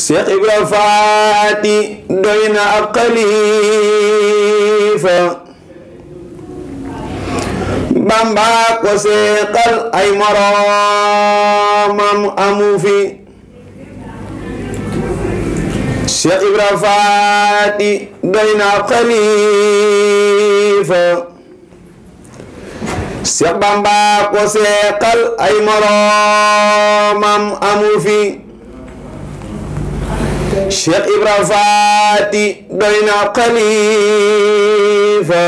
Seex Ibra Faati doy na ab xalifa Bamba ko seexal ay moroomam amu Cheikh Ibra Faati doy na xalifa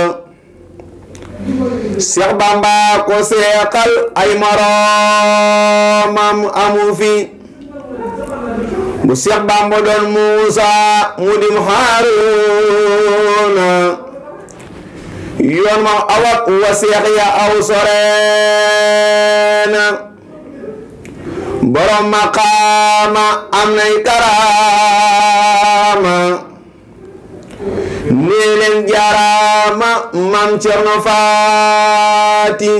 Cheikh Bamba ko seexal ay moroomam amu fi bu Cheikh Bamba doon Muusa mu dim Haaruna yoon ma awak wa Cheikh ya aw sorena borom maqaama am nay karaama nee jaaraama maam Cerno Faati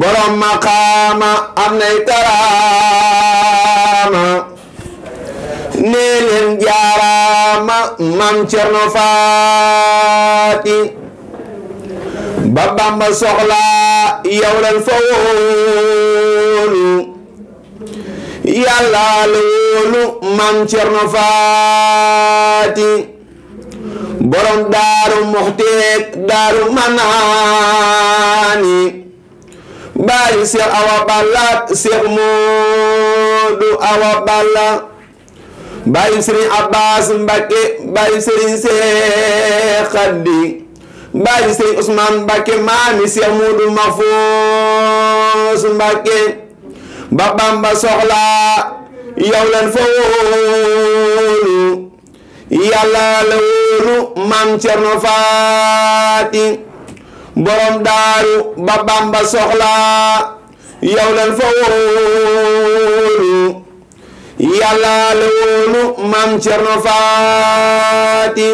borom maqaama am nay karaama nee jaaraama maam Cerno Faati ba Bamba soxla yow fa wóolu yàlla la wóolu maam Cerno borom daaru muxteek daaru manaani bàyyi Seex Awa Balla Seex Moodu Awa Balla bàyyi Sëriñ Abbaas Mbakke bàyyi Sëriñ Seex Xaddi bàyyi Sëriñ Usmaan Mbakke maami Seex Moodu Mafoos Mbakke ba Bamba soxlaa yow leen fa la wóolu maam Cerno Faati borom daaru ba Bamba soxlaa yow leen fa la wóolu maam Cerno Faati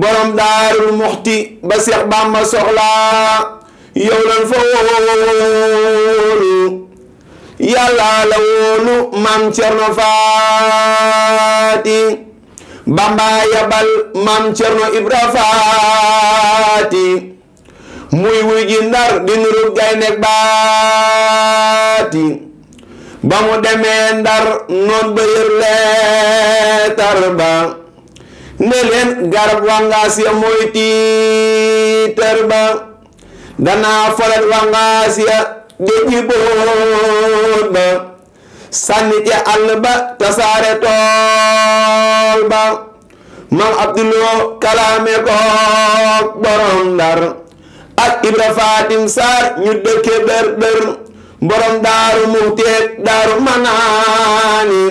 borom daarul muxti ba Seex Bamba soxlaa yow leen yàlla la wóolu cerno faati bamba yabal maam cerno ibra faati muy wuy ji ndar di nuru baati ba mu demee ndar noon ba leetar ba ne leen garab wangaas ya mooy tiitar ba danaa déggi bóot ba sànni ca àll ba tasaare tool ba maam abduloo kalaame ko borom ndar ak ibra fatim saar ñu dëkke bër bër borom daaru muxteeg daaru manaani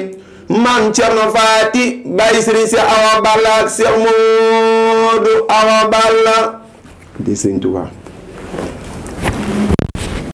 maam cerno faati bay si awa balla ak seex awa balla